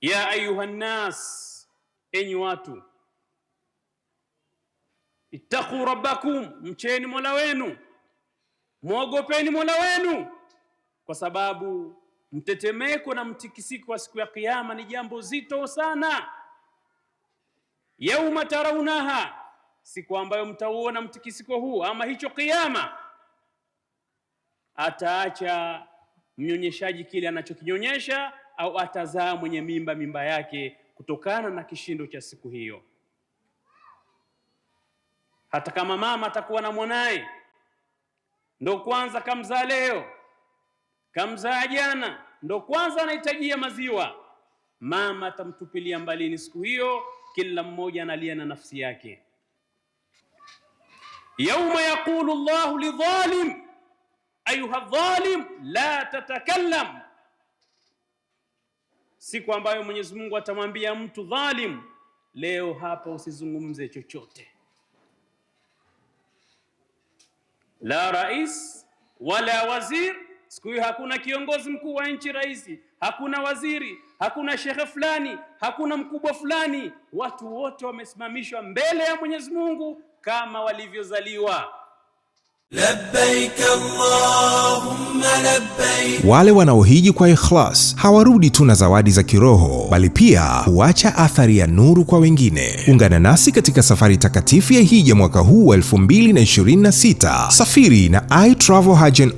ya ayuhannas, enyi watu, ittaquu rabbakum, mcheni mola wenu, mwogopeni mola wenu, kwa sababu mtetemeko na mtikisiko wa siku ya Kiyama ni jambo zito sana. Yauma taraunaha, siku ambayo mtauona mtikisiko huu ama hicho Kiyama, ataacha mnyonyeshaji kile anachokinyonyesha au atazaa mwenye mimba mimba yake kutokana na kishindo cha siku hiyo. Hata kama mama atakuwa na mwanaye ndo kwanza kamzaa leo, kamzaa jana, ndo kwanza anahitajia maziwa, mama atamtupilia mbalini siku hiyo. Kila mmoja analia na nafsi yake. Yauma yaqulu Allahu lidhalim ayuha dhalim la tatakallam siku ambayo Mwenyezi Mungu atamwambia mtu dhalimu, leo hapa usizungumze chochote, la rais wala wazir. Siku hiyo hakuna kiongozi mkuu wa nchi, rais, hakuna waziri, hakuna shekhe fulani, hakuna mkubwa fulani. Watu wote wamesimamishwa mbele ya Mwenyezi Mungu kama walivyozaliwa. Wale wanaohiji kwa ikhlas hawarudi tu na zawadi za kiroho bali pia huacha athari ya nuru kwa wengine. Ungana nasi katika safari takatifu ya hija mwaka huu wa 2026. Safiri na I Travel Hajj and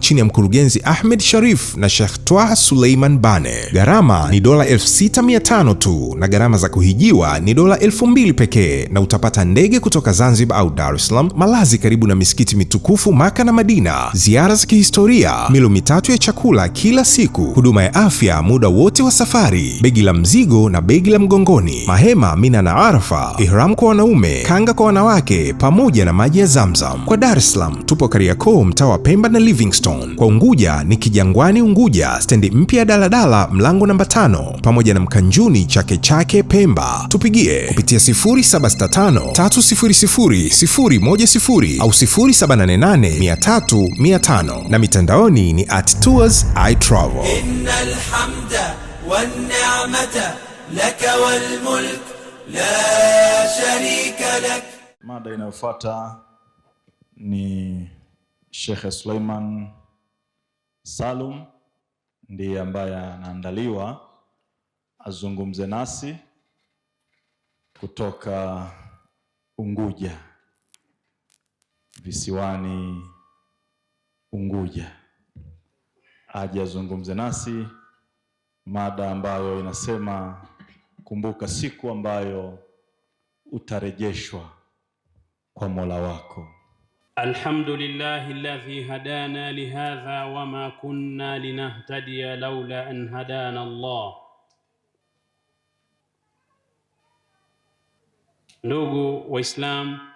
chini ya mkurugenzi Ahmed Sharif na Sheikh Twah Suleiman Bane. Gharama ni dola 6500 tu na gharama za kuhijiwa ni dola 2000 pekee, na utapata ndege kutoka Zanzibar au Dar es Salaam, malazi karibu na misikiti mitukufu Maka na Madina, ziara za kihistoria, milo mitatu ya chakula kila siku, huduma ya afya muda wote wa safari, begi la mzigo na begi la mgongoni, mahema Mina na Arafa, ihram kwa wanaume, kanga kwa wanawake, pamoja na maji ya Zamzam. Kwa Dar es Salaam tupo Kariakoo, mtaa wa Pemba na Livingstone. Kwa Unguja ni Kijangwani Unguja, stendi mpya ya daladala, mlango namba tano, pamoja na Mkanjuni Chake Chake Pemba. Tupigie kupitia 0765 au 07 0788 na mitandaoni ni at tours i travel. Mada ni shekhe Suleiman Salum ndiye ambaye anaandaliwa azungumze nasi kutoka Unguja visiwani Unguja aje azungumze nasi mada ambayo inasema kumbuka siku ambayo utarejeshwa kwa Mola wako. Alhamdulillahi alladhi hadana lihadha wama kunna linahtadiya laula an hadana Allah. Ndugu Waislam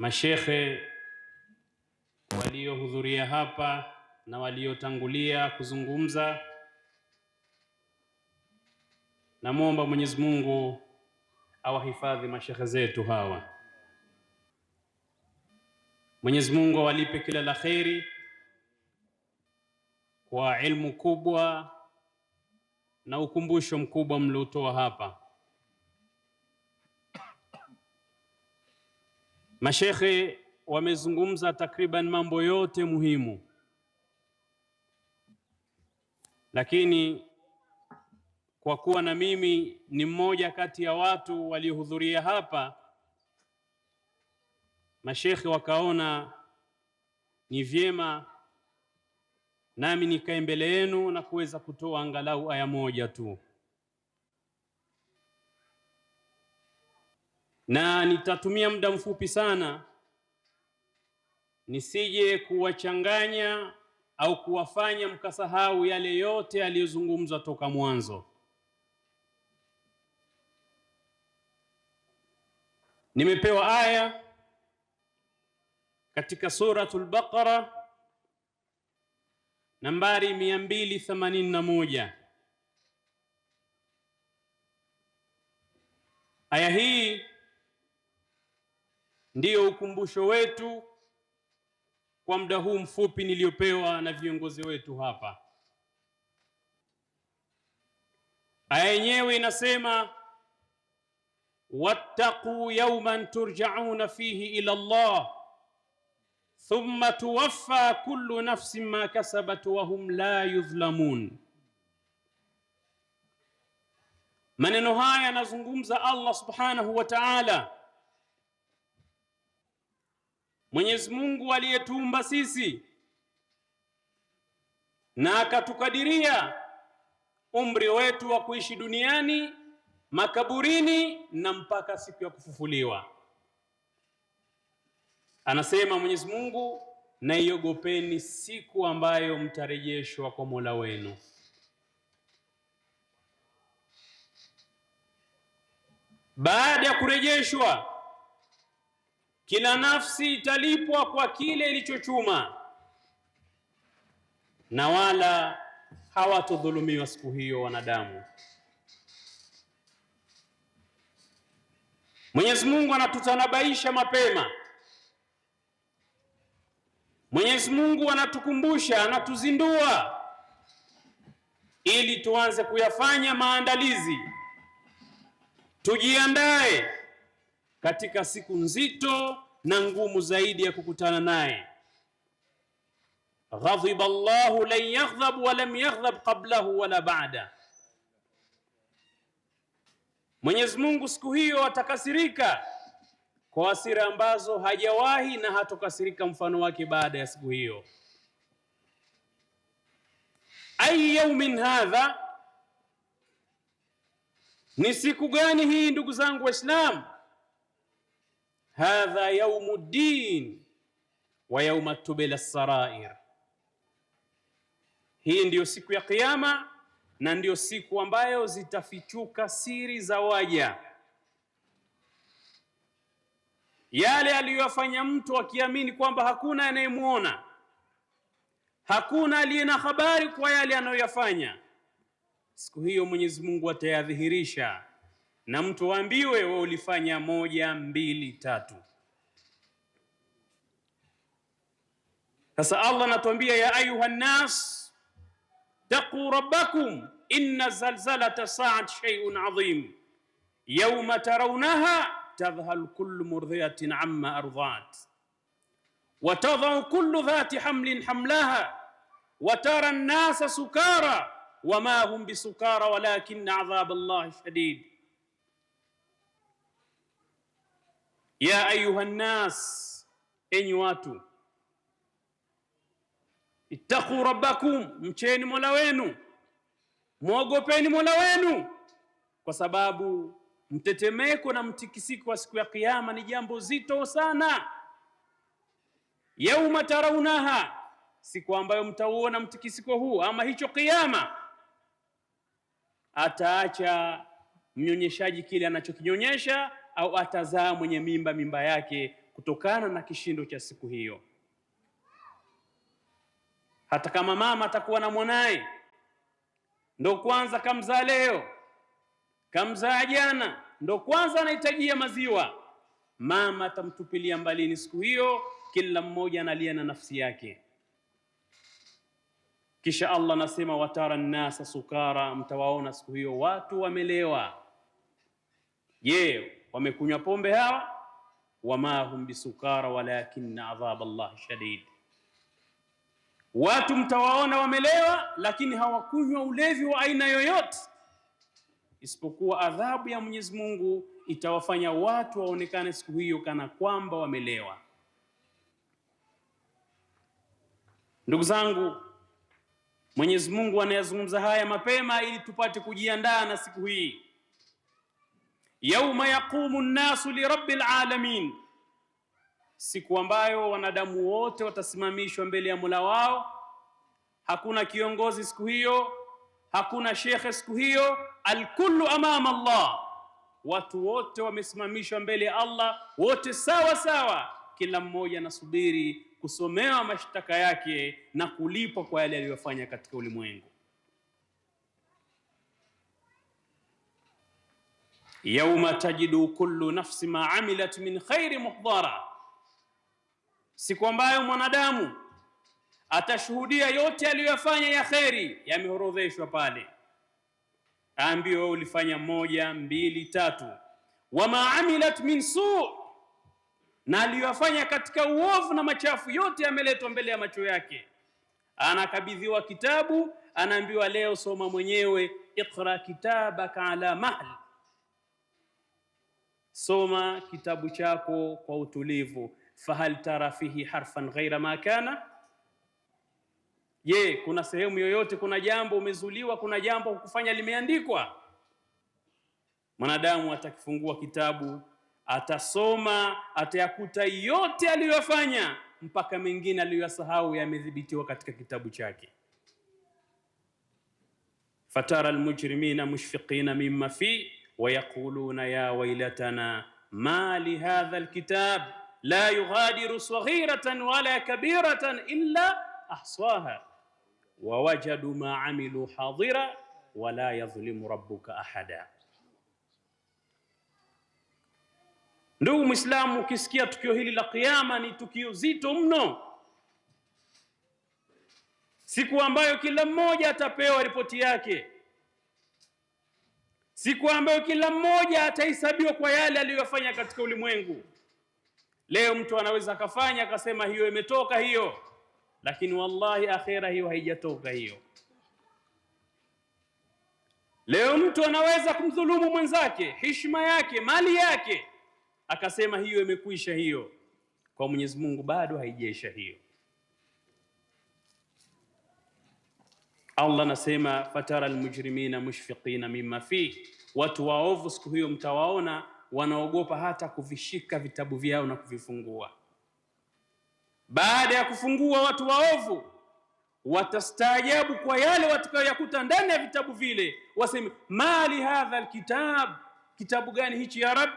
mashekhe waliohudhuria hapa na waliotangulia kuzungumza. Namwomba Mwenyezi Mungu awahifadhi mashekhe zetu hawa, Mwenyezi Mungu awalipe kila la kheri kwa ilmu kubwa na ukumbusho mkubwa mliotoa hapa. Mashekhe wamezungumza takriban mambo yote muhimu, lakini kwa kuwa na mimi ni mmoja kati ya watu waliohudhuria hapa, mashekhe wakaona ni vyema nami nikae mbele yenu na kuweza kutoa angalau aya moja tu. na nitatumia muda mfupi sana nisije kuwachanganya au kuwafanya mkasahau yale yote yaliyozungumzwa toka mwanzo. Nimepewa aya katika suratul Baqara nambari 281. Aya hii ndiyo ukumbusho wetu kwa muda huu mfupi niliyopewa na viongozi wetu hapa. Aya yenyewe inasema wattaquu yawman turjauna fihi ila Allah thumma tuwaffa kullu nafsin ma kasabat wa hum la yudhlamun. Maneno haya yanazungumza Allah subhanahu wa ta'ala Mwenyezi Mungu aliyetuumba sisi na akatukadiria umri wetu wa kuishi duniani, makaburini na mpaka siku ya kufufuliwa. Anasema Mwenyezi Mungu, naiogopeni siku ambayo mtarejeshwa kwa Mola wenu. Baada ya kurejeshwa kila nafsi italipwa kwa kile ilichochuma, na wala hawatodhulumiwa siku hiyo wanadamu. Mwenyezi Mungu anatutanabaisha mapema. Mwenyezi Mungu anatukumbusha, anatuzindua ili tuanze kuyafanya maandalizi, tujiandae katika siku nzito na ngumu zaidi ya kukutana naye. Ghadhiba Allahu lan yaghdhab wa lam yaghdhab qablahu wala ba'da. Mwenyezi Mungu siku hiyo atakasirika kwa hasira ambazo hajawahi na hatokasirika mfano wake baada ya siku hiyo. Ai yaumin hadha, ni siku gani hii ndugu zangu Waislamu? hadha yaumu din wa yauma tubela sarair, hii ndiyo siku ya Kiyama na ndiyo siku ambayo zitafichuka siri za waja. Yale aliyoyafanya mtu akiamini kwamba hakuna anayemwona, hakuna aliye na habari kwa yale anayoyafanya, siku hiyo Mwenyezi Mungu atayadhihirisha na mtu ambiwe wewe ulifanya moja, mbili, tatu. Sasa Allah anatuambia ya ayuha nnas taquu rabbakum inna zalzalata saat shay'un adhim yawma tarawnaha tadhhal kullu murdhiatin amma ardat wa tadhau kullu dhati hamlin hamlaha wa tara nnasa sukara wama hum bisukara walakinna adhab Allahi shadid ya ayuhannas, enyi watu, ittaqu rabbakum, mcheni mola wenu, mwogopeni mola wenu, kwa sababu mtetemeko na mtikisiko wa siku ya Kiyama ni jambo zito sana. Yauma taraunaha, siku ambayo mtauona mtikisiko huu ama hicho Kiyama, ataacha mnyonyeshaji kile anachokinyonyesha au atazaa mwenye mimba mimba yake kutokana na kishindo cha siku hiyo. Hata kama mama atakuwa na mwanaye ndo kwanza kamzaa leo, kamzaa jana, ndo kwanza anahitajia maziwa, mama atamtupilia mbalini siku hiyo, kila mmoja analia na nafsi yake. Kisha Allah anasema watara nnasa sukara, mtawaona siku hiyo watu wamelewa. Je, wamekunywa pombe hawa, wama hum bisukara walakinna adhab Allah shadid. Watu mtawaona wamelewa, lakini hawakunywa ulevi wa aina yoyote, isipokuwa adhabu ya Mwenyezi Mungu itawafanya watu waonekane siku hiyo kana kwamba wamelewa. Ndugu zangu, Mwenyezi Mungu anayazungumza haya mapema ili tupate kujiandaa na siku hii yauma yaqumu nnasu lirabbil alamin, siku ambayo wanadamu wote watasimamishwa mbele ya Mola wao. Hakuna kiongozi siku hiyo, hakuna shekhe siku hiyo. Alkullu amama Allah, watu wote wamesimamishwa mbele ya Allah, wote sawa sawa, kila mmoja anasubiri kusomewa mashtaka yake na kulipwa kwa yale aliyofanya katika ulimwengu. yauma tajidu kullu nafsi ma amilat min khairi muhdhara, siku ambayo mwanadamu atashuhudia yote aliyoyafanya ya kheri yameorodheshwa pale, aambiwe ulifanya moja, mbili, tatu. Wama amilat min su, na aliyoyafanya katika uovu na machafu yote yameletwa mbele ya macho yake. Anakabidhiwa kitabu, anaambiwa leo soma mwenyewe, iqra kitabaka ala mahli soma kitabu chako kwa utulivu. Fahal tara fihi harfan ghaira ma kana, je, kuna sehemu yoyote, kuna jambo umezuliwa, kuna jambo kukufanya limeandikwa? Mwanadamu atakifungua kitabu, atasoma, atayakuta yote aliyofanya mpaka mengine aliyosahau yamedhibitiwa katika kitabu chake. Fatara almujrimina mushfiqina mimma fi wayaquluna ya wailatana ma lihadha alkitab la yughadiru saghiratan wala kabiratan illa ahsaha wawajadu ma amilu hadira wala yadhlimu rabbuka ahada. Ndugu Mwislamu, ukisikia tukio hili la Kiyama ni tukio zito mno, siku ambayo kila mmoja atapewa ripoti yake siku ambayo kila mmoja atahesabiwa kwa yale aliyofanya katika ulimwengu. Leo mtu anaweza akafanya akasema hiyo imetoka hiyo, lakini wallahi akhera hiyo haijatoka hiyo. Leo mtu anaweza kumdhulumu mwenzake, heshima yake, mali yake, akasema hiyo imekwisha hiyo. Kwa Mwenyezi Mungu bado haijaisha hiyo. Allah anasema fatara almujrimina mushfiqina mimma fihi, watu waovu siku hiyo mtawaona wanaogopa hata kuvishika vitabu vyao na kuvifungua. Baada ya kufungua, watu waovu watastaajabu kwa yale watakayoyakuta ndani ya vitabu vile, waseme mali hadha alkitab, kitabu gani hichi ya Rab?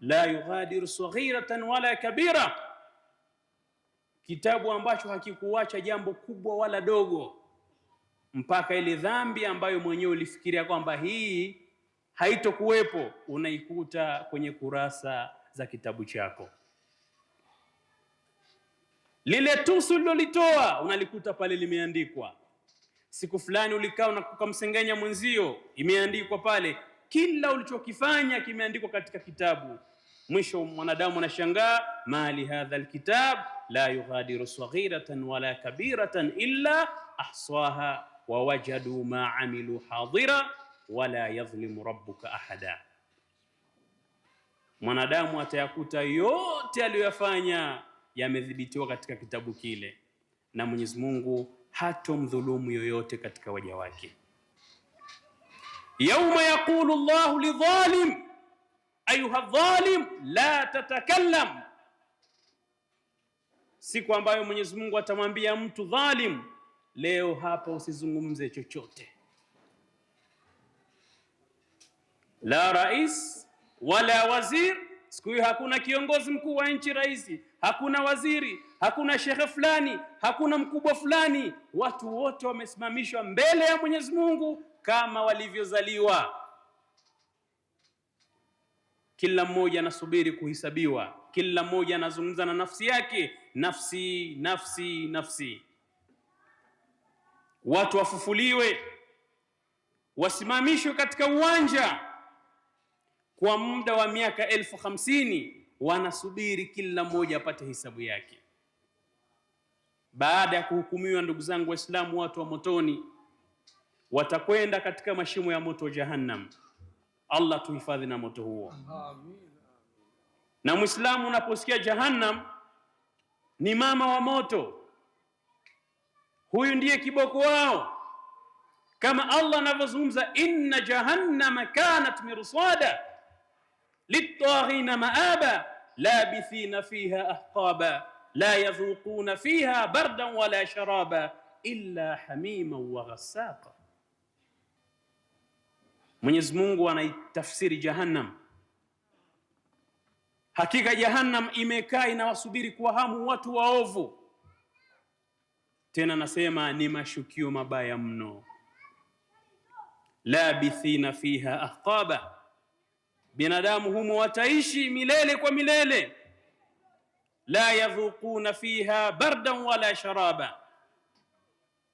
La yughadiru saghiratan wala kabira, kitabu ambacho hakikuacha jambo kubwa wala dogo mpaka ile dhambi ambayo mwenyewe ulifikiria kwamba hii haitokuwepo unaikuta kwenye kurasa za kitabu chako. Lile tusu lilolitoa unalikuta pale limeandikwa. Siku fulani ulikaa na mwenzio, imeandikwa pale, kila ulichokifanya kimeandikwa katika kitabu. Mwisho mwanadamu anashangaa, mali hadha alkitab la yughadiru saghiratan wala kabiratan illa ahsaha wawajadu ma amilu hadira wala yadhlimu rabbuka ahada, mwanadamu atayakuta yote aliyoyafanya yamedhibitiwa katika kitabu kile, na Mwenyezi Mungu hatomdhulumu yoyote katika waja wake. Yauma yaqulu Allahu lidhalim ayuha dhalim la tatakallam, siku ambayo Mwenyezi Mungu atamwambia mtu dhalim Leo hapa usizungumze chochote, la rais wala waziri. Siku hiyo hakuna kiongozi mkuu wa nchi, rais, hakuna waziri, hakuna shekhe fulani, hakuna mkubwa fulani. Watu wote wamesimamishwa mbele ya Mwenyezi Mungu kama walivyozaliwa. Kila mmoja anasubiri kuhisabiwa, kila mmoja anazungumza na nafsi yake, nafsi, nafsi, nafsi watu wafufuliwe, wasimamishwe katika uwanja kwa muda wa miaka elfu hamsini wanasubiri kila mmoja apate hisabu yake. Baada ya kuhukumiwa, ndugu zangu Waislamu, watu wa motoni watakwenda katika mashimo ya moto wa Jahannam. Allah tuhifadhi na moto huo. Amin. Na Muislamu unaposikia Jahannam ni mama wa moto Huyu ndiye kiboko wao, kama Allah anavyozungumza, inna jahannama kanat mirsada litaghina maaba labithina fiha ahqaba la yadhuquna fiha bardan wala sharaba illa hamima wa ghassaqa. Mwenyezi Mungu anaitafsiri Jahannam, hakika Jahannam imekaa inawasubiri kwa hamu watu waovu Tena nasema ni mashukio mabaya mno. Labithina fiha ahqaba, binadamu humo wataishi milele kwa milele. La yadhuquna fiha bardan wala sharaba,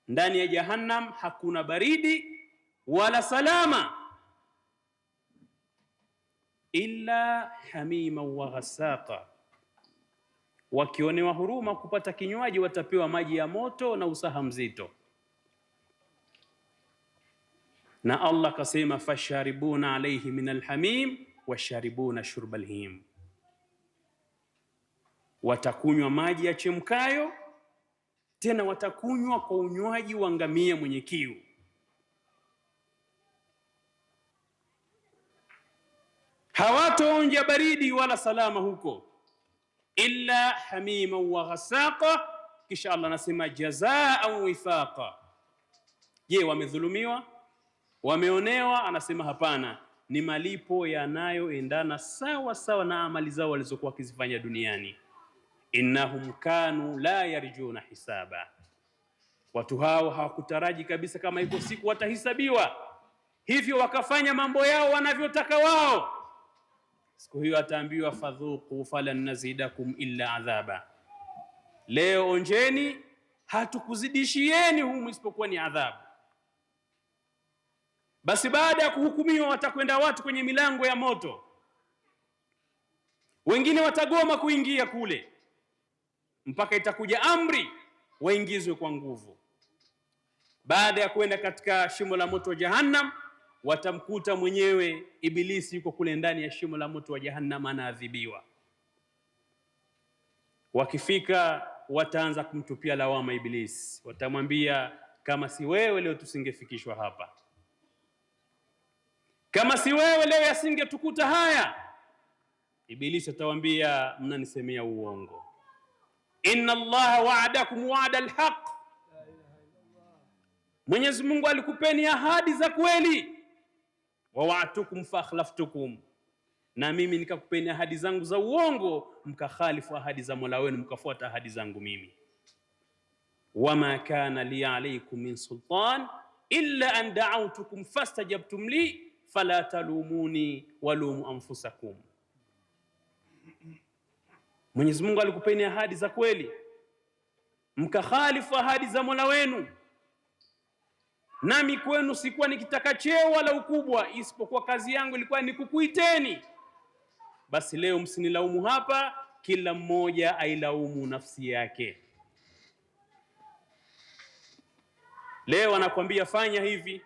ndani ya Jahannam hakuna baridi wala salama illa hamiman wa ghasaqa Wakionewa huruma kupata kinywaji, watapewa maji ya moto na usaha mzito. Na Allah kasema, fasharibuna alayhi min alhamim washaribuna shurba alhim, watakunywa maji ya chemkayo, tena watakunywa kwa unywaji wa ngamia mwenye kiu. hawatoonja baridi wala salama huko illa hamima wa ghasaqa. Kisha Allah anasema jazaan wifaqa. Je, wamedhulumiwa? Wameonewa? Anasema hapana, ni malipo yanayoendana sawa sawa na amali zao walizokuwa wakizifanya duniani. Innahum kanu la yarjuna hisaba, watu hao hawakutaraji kabisa kama iko siku watahisabiwa, hivyo wakafanya mambo yao wanavyotaka wao Siku hiyo ataambiwa fadhuku falan nazidakum illa adhaba, leo onjeni, hatukuzidishieni humu isipokuwa ni adhabu. Basi baada ya kuhukumiwa, watakwenda watu kwenye milango ya moto, wengine watagoma kuingia kule mpaka itakuja amri waingizwe kwa nguvu. Baada ya kwenda katika shimo la moto wa Jahannam watamkuta mwenyewe Ibilisi yuko kule ndani ya shimo la moto wa Jahannam anaadhibiwa. Wakifika wataanza kumtupia lawama Ibilisi, watamwambia kama si wewe leo tusingefikishwa hapa, kama si wewe leo yasingetukuta haya. Ibilisi atawambia mnanisemea uongo, inna Allaha waadakum waada alhaq, Mwenyezi Mungu alikupeni ahadi za kweli wawatukum fakhlaftukum, na mimi nikakupeni ahadi zangu za uongo, mkakhalifu ahadi za Mola wenu, mkafuata ahadi zangu mimi. Wama kana li alaykum min sultan illa an da'awtukum fastajabtum li fala talumuni walumu anfusakum. Mwenyezi Mungu alikupeni ahadi za kweli, mkakhalifu ahadi za Mola wenu nami kwenu sikuwa nikitaka cheo wala ukubwa, isipokuwa kazi yangu ilikuwa ni kukuiteni. Basi leo msinilaumu hapa, kila mmoja ailaumu nafsi yake. Leo anakuambia fanya hivi,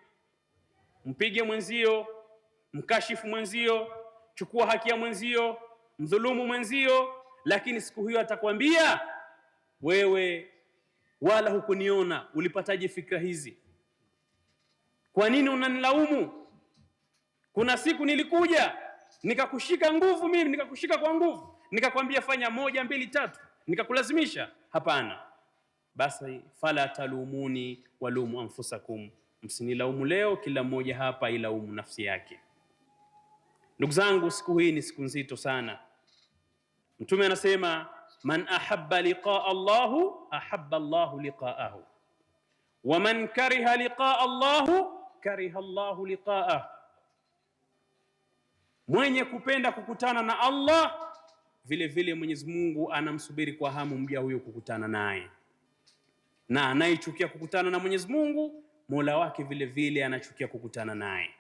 mpige mwenzio, mkashifu mwenzio, chukua haki ya mwenzio, mdhulumu mwenzio, lakini siku hiyo atakwambia wewe, wala hukuniona. Ulipataje fikra hizi? Kwa nini unanilaumu? Kuna siku nilikuja nikakushika nguvu mimi, nikakushika kwa nguvu, nikakwambia fanya moja mbili tatu, nikakulazimisha? Hapana. Basi fala talumuni walumu anfusakum, msinilaumu leo, kila mmoja hapa ilaumu nafsi yake. Ndugu zangu, siku hii ni siku nzito sana. Mtume anasema man ahabba liqaa Allahu ahabba Allahu liqaahu wa man kariha liqaa Allahu kariha Allahu liqaa mwenye kupenda kukutana na Allah vile vile Mwenyezi Mungu anamsubiri kwa hamu mja huyo kukutana naye, na anayechukia kukutana na Mwenyezi Mungu Mola wake vile vile anachukia kukutana naye.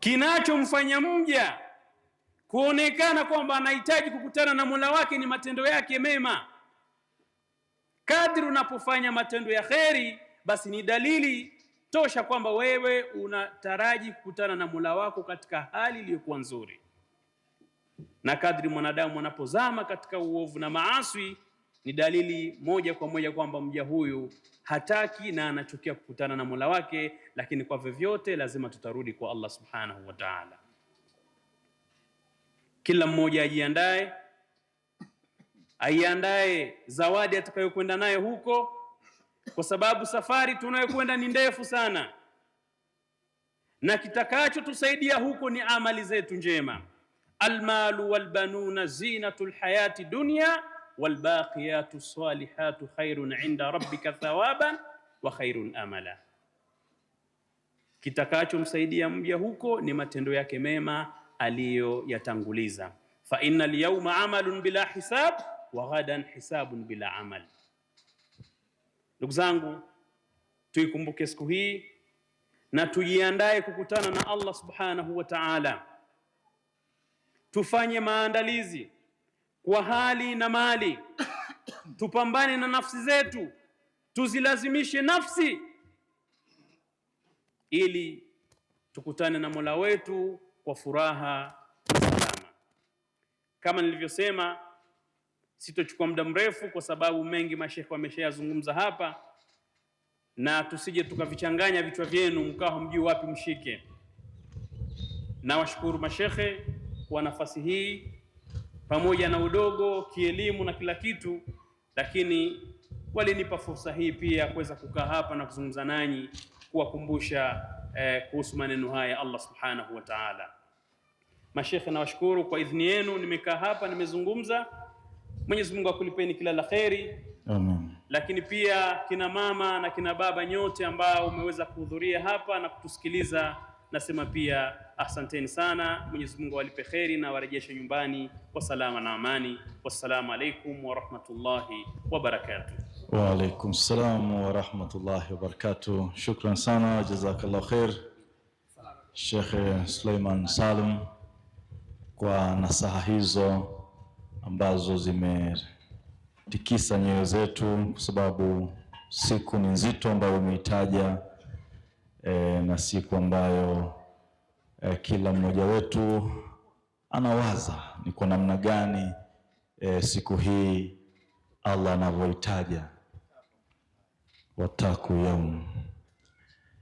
Kinachomfanya mja kuonekana kwamba anahitaji kukutana na Mola wake ni matendo yake mema. Kadri unapofanya matendo ya kheri basi ni dalili tosha kwamba wewe unataraji kukutana na Mola wako katika hali iliyokuwa nzuri. Na kadri mwanadamu anapozama katika uovu na maaswi, ni dalili moja kwa moja kwamba mja huyu hataki na anachukia kukutana na Mola wake, lakini kwa vyovyote lazima tutarudi kwa Allah Subhanahu wa Ta'ala. Kila mmoja ajiandae, aiandae zawadi atakayokwenda naye huko kwa sababu safari tunayokwenda ni ndefu sana, na kitakachotusaidia huko ni amali zetu njema. Almalu walbanuna zinatu lhayati dunya walbaqiyatu salihatu khairun inda rabbika thawaban wa khairun amala. Kitakachomsaidia mja huko ni matendo yake mema aliyoyatanguliza. Fa inna alyawma amalun bila hisab wa ghadan hisabun bila amali Ndugu zangu, tuikumbuke siku hii na tujiandae kukutana na Allah subhanahu wa ta'ala. Tufanye maandalizi kwa hali na mali, tupambane na nafsi zetu, tuzilazimishe nafsi ili tukutane na Mola wetu kwa furaha na salama, kama nilivyosema Sitochukua muda mrefu kwa sababu mengi mashekhe wameshayazungumza hapa, na tusije tukavichanganya vichwa vyenu mkawa hamjui wapi mshike. Nawashukuru mashekhe kwa nafasi hii, pamoja na udogo kielimu na kila kitu, lakini walinipa fursa hii pia kuweza kukaa hapa na kuzungumza nanyi, kuwakumbusha eh, kuhusu maneno haya Allah subhanahu wa ta'ala. Mashekhe nawashukuru kwa idhini yenu, nimekaa hapa nimezungumza Mwenyezi Mungu akulipeni kila la kheri. Amen. Lakini pia kina mama na kina baba nyote ambao umeweza kuhudhuria hapa na kutusikiliza, nasema pia asanteni sana. Mwenyezi Mungu awalipe kheri na warejeshe nyumbani kwa salama na amani. Wassalamu alaikum wa rahmatullahi wa barakatuh. Wa alaikum salam wa rahmatullahi wa barakatuh. Shukran sana, jazakallahu khair Sheikh Suleiman Salum kwa nasaha hizo ambazo zimetikisa nyoyo zetu, kwa sababu siku ni nzito ambayo umeitaja e, na siku ambayo e, kila mmoja wetu anawaza ni kwa namna gani e, siku hii Allah anavyoitaja wataku yaumu